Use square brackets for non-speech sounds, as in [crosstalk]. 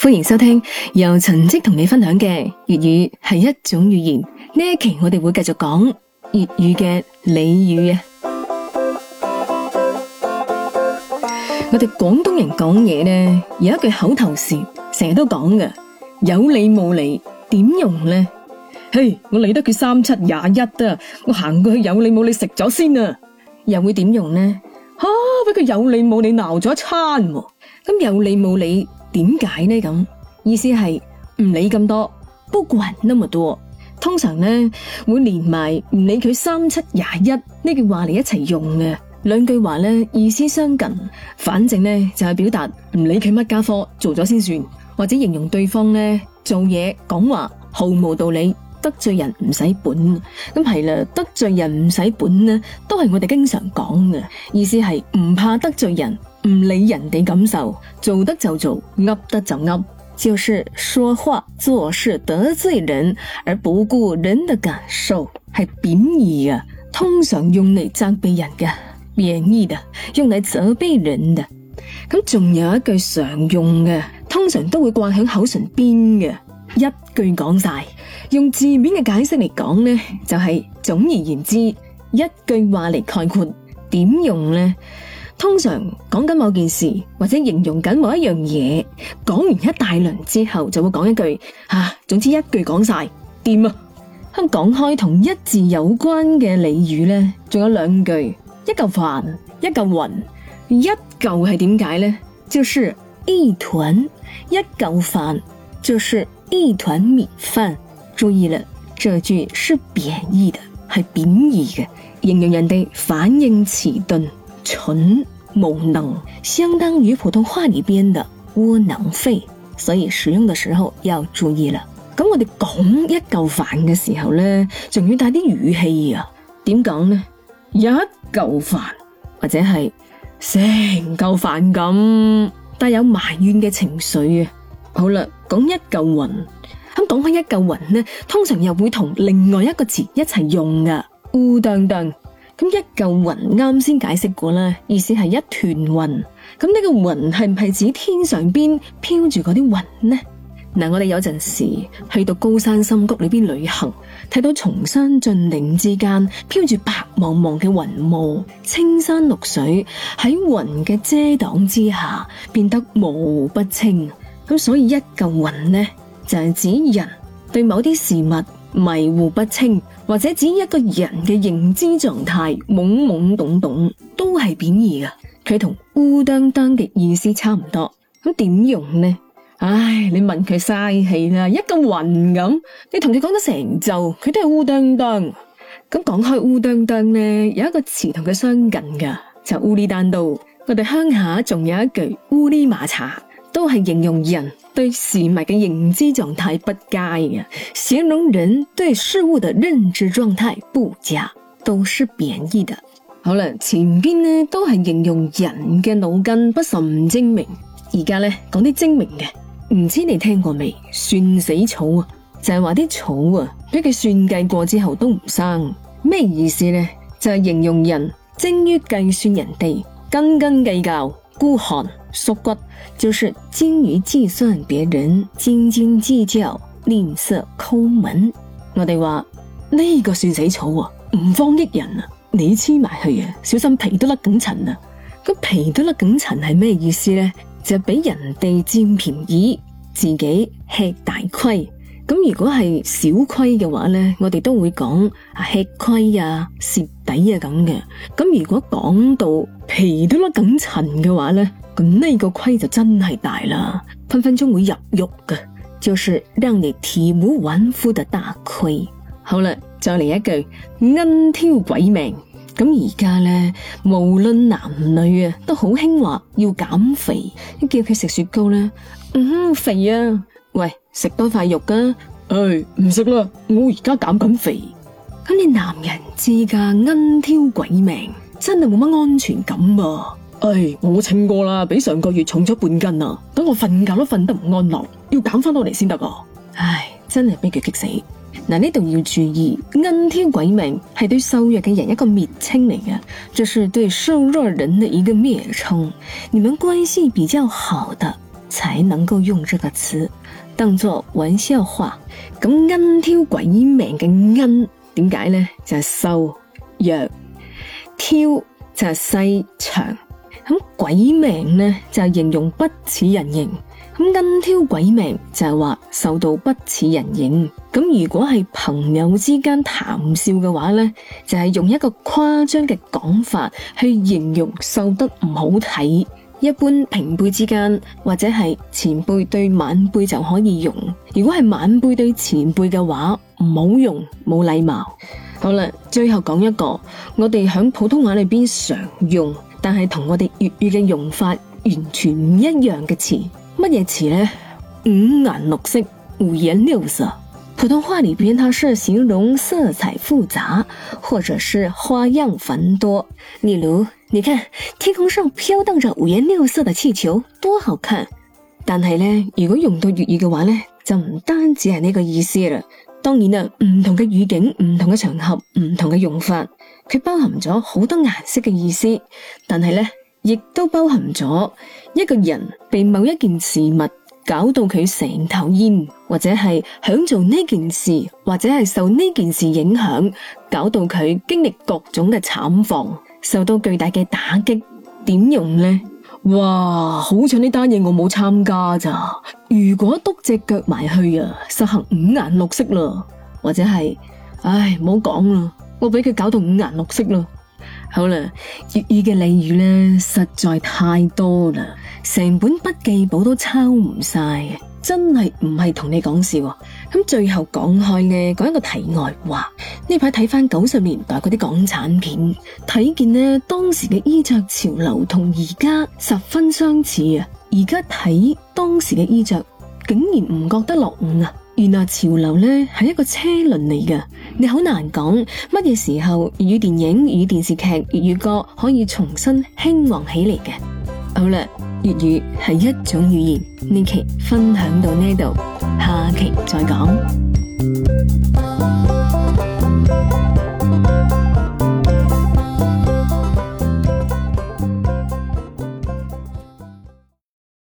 歡迎收聽由陳迹同你分享嘅粵語係一種語言。呢一期我哋會繼續講粵語嘅俚語啊！ [music] 我哋廣東人講嘢咧，有一句口頭禪，成日都講噶：有理冇理，點用咧？嘿，hey, 我理得佢三七廿一都，我行過去有理冇理食咗先啊！又會點用咧？吓、啊，俾佢有理冇理鬧咗一餐，咁有理冇理？點解呢咁？意思係唔理咁多，不管那麼多。通常呢會連埋唔理佢三七廿一呢句話嚟一齊用嘅，兩句話呢意思相近，反正呢就係、是、表達唔理佢乜家科做咗先算，或者形容對方呢做嘢講話毫無道理。得罪人唔使本，咁係啦。得罪人唔使本呢，都係我哋經常講嘅，意思係唔怕得罪人，唔理人哋感受，做得就做，噏得就噏。就是說話做事得罪人，而不顧人的感受，係貶義啊。通常用嚟責備人嘅，貶義的，用嚟責備人的。咁、嗯、仲有一句常用嘅，通常都會掛響口唇邊嘅，一句講晒。用字面嘅解釋嚟講呢，就係總而言之一句話嚟概括。點用呢？通常講緊某件事或者形容緊某一樣嘢，講完一大輪之後，就會講一句啊，總之一句講晒掂啊。咁講開同一字有關嘅俚語呢，仲有兩句：一嚿飯，一嚿雲，一嚿係點解呢？就是一團，一嚿飯就是一團米飯。注意啦，這句是貶義的，係貶義嘅，形容人哋反應遲鈍、蠢無能，相當於普通話裏邊的窩囊廢，所以使用的時候要注意啦。咁、嗯、我哋講一嚿飯嘅時候咧，仲要帶啲語氣啊。點講呢？一嚿飯或者係成嚿飯咁，帶有埋怨嘅情緒啊。好啦，講一嚿雲。咁講開一嚿雲呢，通常又會同另外一個詞一齊用噶，烏當當。咁一嚿雲，啱先解釋過啦，意思係一團雲。咁呢個雲係唔係指天上邊飄住嗰啲雲呢？嗱，我哋有陣時去到高山深谷裏邊旅行，睇到崇山峻嶺之間飄住白茫茫嘅雲霧，青山綠水喺雲嘅遮擋之下變得模糊不清。咁所以一嚿雲呢？就係指人對某啲事物迷糊不清，或者指一個人嘅認知狀態懵懵懂懂，都係貶義噶。佢同烏當當嘅意思差唔多。咁點用呢？唉，你問佢嘥氣啦，一個雲咁，你同佢講咗成晝，佢都係烏當當。咁講開烏當當呢，有一個詞同佢相近噶，就烏里單刀。我哋鄉下仲有一句烏里馬茶，都係形容人對事物嘅認知狀態不佳啊，形容人對事物的認知狀態不佳，都是貶義嘅。好啦，前邊呢都係形容人嘅腦筋不甚精明，而家呢講啲精明嘅，唔知你聽過未？算死草啊，就係話啲草啊俾佢算計過之後都唔生。咩意思呢？就係形容人精於計算人哋，斤斤計較。孤寒縮骨，就是精於計算別人，斤斤計較，吝嗇摳門。我哋話呢個算死草啊，唔放益人啊，你黐埋去啊，小心皮都甩緊塵啊！咁皮都甩緊塵係咩意思呢？就俾人哋佔便宜，自己吃大虧。咁如果係小虧嘅話呢，我哋都會講吃虧啊、蝕底啊咁嘅。咁、啊、如果講到皮都甩一層嘅話呢，咁呢個虧就真係大啦，分分鐘會入獄噶，就是令你體無完膚嘅大虧。好啦，再嚟一句，恩挑鬼命。咁而家咧，無論男女啊，都好興話要減肥，叫佢食雪糕咧，嗯，肥啊！喂，食多塊肉噶、啊，唉、哎，唔食啦，我而家減緊肥。咁你男人之噶奀挑鬼命，真係冇乜安全感啊！唉、哎，我稱過啦，比上個月重咗半斤啊！等我瞓覺都瞓得唔安樂，要減翻落嚟先得啊！唉，真係俾佢激死。嗱，呢度要注意，奀挑鬼命係對瘦弱嘅人一個蔑稱嚟嘅，就是對瘦弱人的一個蔑稱。你們關係比較好的，才能夠用這個詞。當作玩笑話，咁奀挑鬼命嘅奀，點解咧？就係瘦弱，挑就係、是、細長，咁鬼命咧就是、形容不似人形，咁奀挑鬼命就係話瘦到不似人形。咁如果係朋友之間談笑嘅話咧，就係、是、用一個誇張嘅講法去形容瘦得唔好睇。一般平輩之間或者係前輩對晚輩就可以用，如果係晚輩對前輩嘅話，唔好用，冇禮貌。好啦，最後講一個，我哋喺普通話裏邊常用，但係同我哋粵語嘅用法完全唔一樣嘅詞，乜嘢詞呢？五顏六色，胡影尿色。普通話裏邊，它是形容色彩複雜，或者是花樣繁多。例如，你看天空上飄蕩着五顏六色的氣球，多好看！但係呢，如果用到粵語嘅話呢，就唔單止係呢個意思啦。當然啦，唔同嘅語境、唔同嘅場合、唔同嘅用法，佢包含咗好多顏色嘅意思，但係呢，亦都包含咗一個人被某一件事物，搞到佢成頭煙，或者係響做呢件事，或者係受呢件事影響，搞到佢經歷各種嘅慘況，受到巨大嘅打擊，點用呢？哇！好彩呢單嘢我冇參加咋，如果篤隻腳埋去啊，實行五顏六色啦，或者係，唉，唔好講啦，我俾佢搞到五顏六色啦。好啦，粵語嘅俚語咧，實在太多啦。成本筆記簿都抄唔曬，真係唔係同你講笑啊。咁最後講開咧，講一個題外話。呢排睇翻九十年代嗰啲港產片，睇見咧當時嘅衣着潮流同而家十分相似啊！而家睇當時嘅衣着，竟然唔覺得落伍啊。原來潮流咧係一個車輪嚟嘅，你好難講乜嘢時候粵語電影、與電視劇、粵語歌可以重新興旺起嚟嘅。好啦。粵語係一種語言，呢期分享到呢度，下期再講。